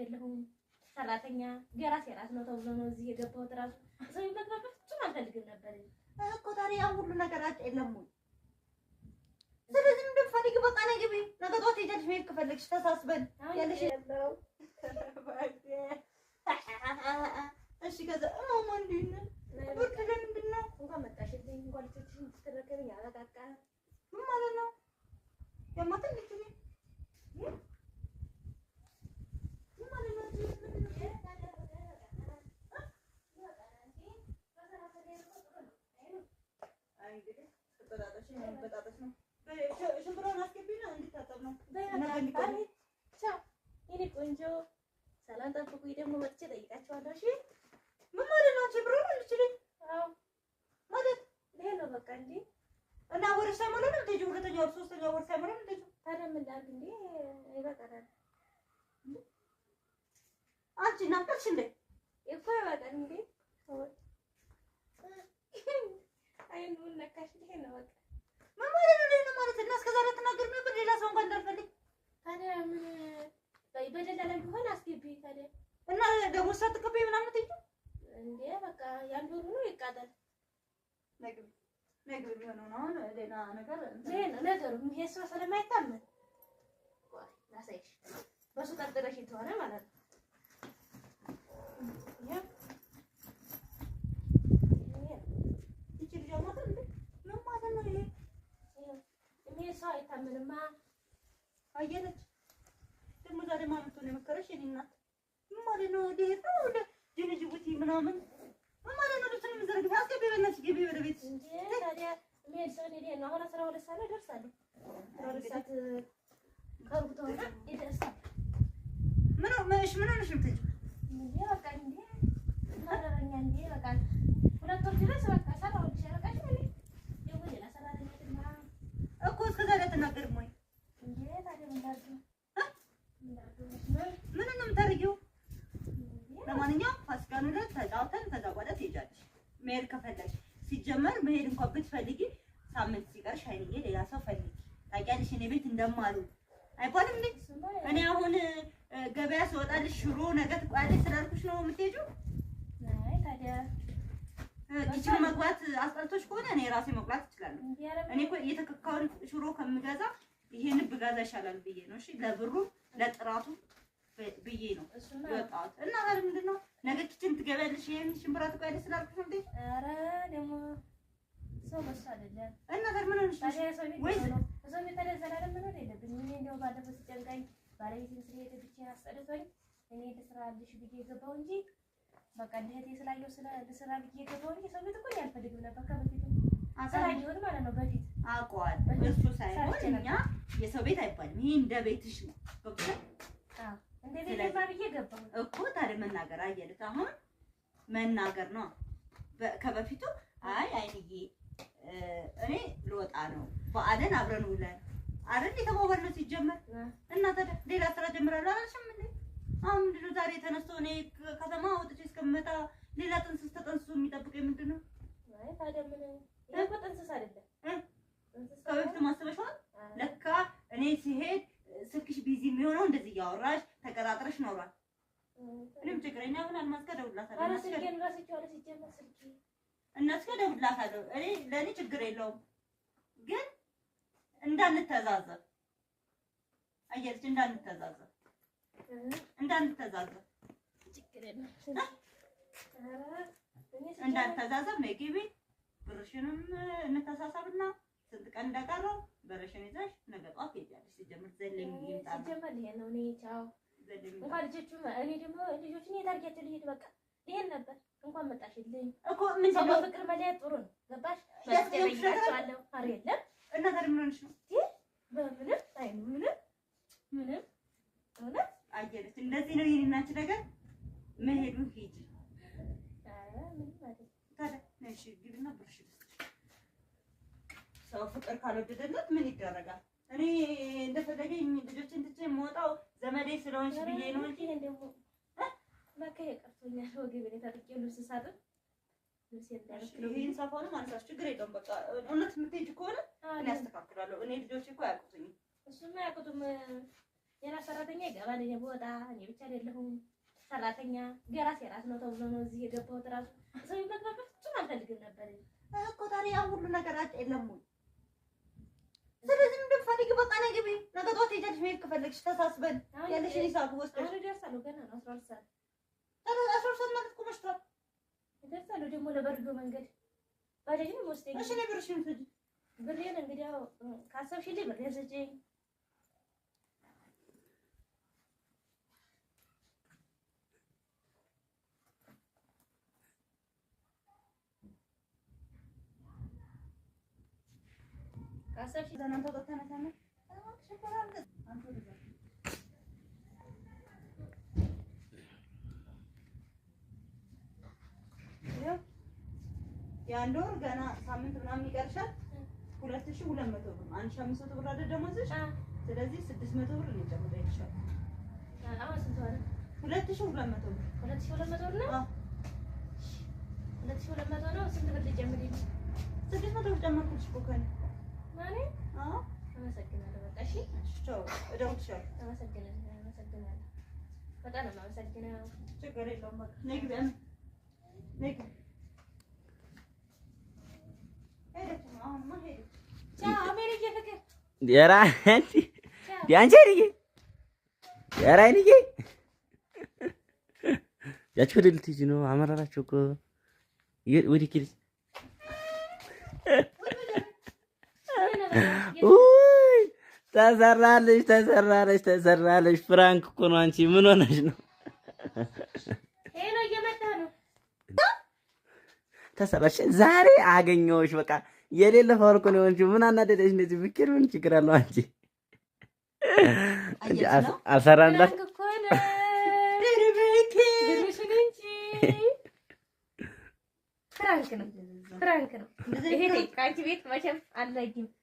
አይደለሁም ሰራተኛ የራሴ ራስ ነው ተብሎ ነው እዚህ የገባሁት። ራሱ ሰው ይመግባል ፍጹም አልፈልግም ነበር እኮ ታዲያ ሁሉ ነገር የለም ወይ? ስለዚህ እንደምፈልግ በቃ ነይ ግቢ፣ ነገ ጠዋት ሄደሽ መሄድ ከፈለግሽ ተሳስበን ያለሽ ያለው እሺ። ከዛ እማማ እንዴት ነህ? ብርድ ለምንድን ነው? እንኳን መጣሽልኝ። እንኳን ልጆችሽን ትረከብኝ አረጋጋ ምን ማለት ነው ያማትን መጥቼ ጠይቃቸዋለሁ። እሺ ምን ማለት ነው? አንቺ ብሮ ነው አዎ ማለት ይሄ ነው በቃ እንጂ እና ወር ሳይሞላ ነው ሁለተኛ ወር ሶስተኛ ወር ሳይሞላ ነው ታዲያ ምን ላድርግ እንዴ? አንቺ ናፈቅሽ እንዴ? እኮ ይበቃል እንዴ? ምን ነካሽ? ይሄ ነው በቃ ምን ማለት ነው? ይሄ ነው ማለት እና እስከ ዛሬ ሌላ ሰው እንኳን እንዳልፈልግ ታዲያ ምን በደላላ ቢሆን አስገቢ ታዲያ እና ደግሞ ሳትቀበይ ምናምን ትይዩ እንዴ በቃ ያንዱ ሁሉ ይቃጠል። ምግብ ነግብ ቢሆን ነው አሁን ሌላ ነገር ይሄ ስለማይታመን ናሳይሽ በሱ ቀጥረሽ ተሆነ ማለት ነው። ሰው አይታመንማ። አየነች ደግሞ ዛሬ ማምቶ ነው የመከረሽ እናት ማለት ነው ወደ ጅቡቲ ምናምን ማለት ነው። ልብሱንም ዘርግታ አስገቢ፣ በእናትሽ ገቢ ወደ ቤት አሁን አስራ ሁለት ሰዓት ደርሳለሁ። ምን ሆነሽ ነው? መሄድ ከፈለግሽ ሲጀመር መሄድ እንኳን ብትፈልጊ ሳምንት ሲቀርሽ ሀይሚዬ ሌላ ሰው ፈልጊ። ታውቂያለሽ እኔ ቤት እንደማሉ አይባልም። እኔ አሁን ገበያ ስወጣልሽ ሽሮ ነገ ትቆያለሽ ስላልኩሽ ነው የምትሄጂው። ኪችን መግባት አስጠልቶሽ ከሆነ እኔ ራሴ መቁላት እችላለሁ። እኔ የተከካውን ሽሮ ከምገዛ ይሄን ብገዛ ይሻላል ብዬ ነው። እሺ ለብሩ ለጥራቱ ብዬ ነው የወጣሁት። እና ዛሬ ምንድን ነው ነገ ኪችን ትገቢያለሽ፣ ይሄን ሽምብራ ትቆያለሽ ስላልኩሽ ነው እንዴ? ኧረ ደግሞ ሰው በእሱ አይደለም። እና ዛሬ ምን ሆነሽ ነው? ወይስ እዛው ቤት ዘላለም መኖር የለብኝም እኔ እንደው ባለፈው ሲጨንቀኝ ባለቤቴን ስለሄደ ብቻዬን አስጠልቶኝ እኔ ልስራልሽ ብዬ ገባሁ እንጂ በቃ ልህቴ ስላየው ስለ ልስራ ብዬ ገባሁ እንጂ ሰው ቤት እኮ እኔ አልፈልግም ነበር ከበፊቱ ስራየሆን ማለት ነው በፊት አውቀዋለሁ። እሱ ሳይሆን እኛ የሰው ቤት አይባልም። ይሄ እንደ ቤትሽ ነው እኮ ታዲያ መናገር አየልህ አሁን መናገር ነው። ከበፊቱ አይ አይንዬ እኔ ልወጣ ነው በዓልን አብረን ውለን አይደል የተባባልነው ሲጀመር እና ታዲያ ሌላ ስራ ጀምራለሁ አላልሽም እንዴ? አሁን ምንድን ነው ዛሬ ተነስቶ እኔ ከተማ ወጥቼ እስከምመጣ ሌላ ጥንስስ ተጠንስሶ የሚጠብቀኝ ምንድን ነው? ከበፊቱ ማስበሻል ለካ እኔ ሲሄድ ስልክሽ ቢዚ የሚሆነው እንደዚህ እያወራሽ ተቀጣጥረሽ ኖሯል። ምንም ችግር እኛ ግን አልማዝ ጋር እደውልላታለሁ እኔ ለእኔ ችግር የለውም ግን እንዳንተዛዘብ አየች እንዳንተዛዘብ እንዳንተዛዘብ እንዳንተዛዘብ ነይ ግቢ፣ ብርሽንም እንተሳሰብና ስንት ቀን እንደቀረው በረሽን ይዘሽ ነገ ጠዋት ትሄጃለሽ። ሲጀምር ዘለ የሚጣ ሲጀምር ይሄ ነው ቻው እንኳን ልጆቹ እኔ ደግሞ ልጆቹን የታርጊያቸው ልሄድ በቃ ይሄን ነበር። እንኳን መጣሽልኝ እኮ ምን ሰው ፍቅር መለያየት ጥሩ ነው። ገባሽ? ያስተያይቻለሁ አይደለም እና ታዲያ ምን ሆነሽ ነው? በምንም አይ ምንም ምንም አየለች። እንደዚህ ነው ነገር ሂጂ ታዲያ። ብርሽ ሰው ፍቅር ካልወደደለት ምን ይደረጋል? እኔ እንደፈለገኝ ልጆችን ትቼ የምወጣው ዘመዴ ስለሆንሽ ብዬ ነው እንጂ ይህን ሰፋውንም አንሳሽ ችግር የለውም። በቃ እውነት የምትሄጂ ከሆነ እኔ አስተካክላለሁ። እኔ ልጆቼ እኮ አያውቁትኝም። እሱማ አያውቁትም። ሌላ ሰራተኛ ይገባል። እኔ በወጣ እኔ ብቻ አይደለሁም ሰራተኛ የራሴ የራስ ነው ተብሎ ነው እዚህ የገባሁት። ራሱ ሰው ይመግባበት አልፈልግም ነበር እኮ ታዲያ ሁሉ ነገራቸው የለም ወይ ስለዚህ እንደምፈልግ በቃ ነይ ነገ ጠዋት ሄጃለሽ መሄድ ከፈለግሽ ተሳስበን ያለሽን ሂሳብ ወስደሽ እደርሳለሁ። ገና ነው አስራ ሁለት ሰዓት አስራ ሁለት ሰዓት ማለት እኮ መሽቷል። እደርሳለሁ ደግሞ ለበርዶ መንገድ ባጃጅ ነው የምወስደኝ። እሺ ነይ ብሬን እንግዲህ ያው ካሰብሽልኝ ብሬን ስጪኝ የአንድ ወር ገና ሳምንት ምናምን ይቀርሻል። ሁለት ሺህ ሁለት መቶ ብር ነው። አንድ ሺህ አምስት መቶ ብር አይደል ደመወዝሽ? ስለዚህ ስድስት መቶ ብር ሊጨምር ይችላል። ሁለት ሺህ ሁለት መቶ ብር ሁለት ሺህ ሁለት መቶ ብር ነው። ሁለት ሺህ ሁለት መቶ ነው። ስንት ብር ሊጨምር? ስድስት መቶ ብር ጨመርኩልሽ እኮ ከእኔ አመሰግናለሁ። በቃ ወደ ልትሄጂ ነው። አመራራቸው እኮ ወደ ኬድሽ ተሰራለች ተሰራለች ተሰራለች። ፍራንክ እኮ ነው። አንቺ ምን ሆነሽ ነው? ተሰራሽ ዛሬ አገኘሁሽ። በቃ የሌለ ፋውል እኮ ነው። አንቺ ምን አናደደሽ? እንደዚህ ብትኬድ ምን ችግር አለው? አንቺ አልሰራንላት ፍራንክ ነው። ፍራንክ ነው። ይሄ ቤት መቼም አላይም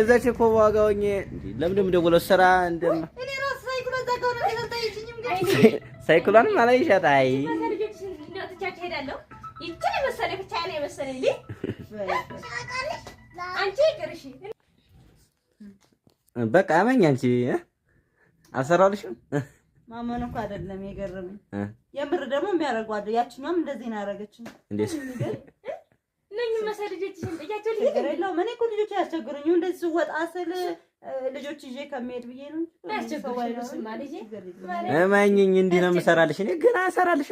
እዛች እኮ ዋጋውኝ ለምንድን ደግሞ ለስራ እንደማ ሳይክሏንም አላየሻት? አይ በቃ አመኝ። አንቺ አልሰራሁልሽም። ማመን እኮ አይደለም የገረመኝ፣ የምር ደግሞ የሚያደርጓለሁ። ያችኛውም እንደዚህ ነው ያደረገችው። እኔ እኮ ልጆች አያስቸግሩኝም። እንደዚህ ስወጣ ስል ልጆች ይዤ ከሚሄድ ብዬ ነው። እመኝኝ፣ እንዲህ ነው የምሰራልሽ። እኔ ግን እሰራልሽ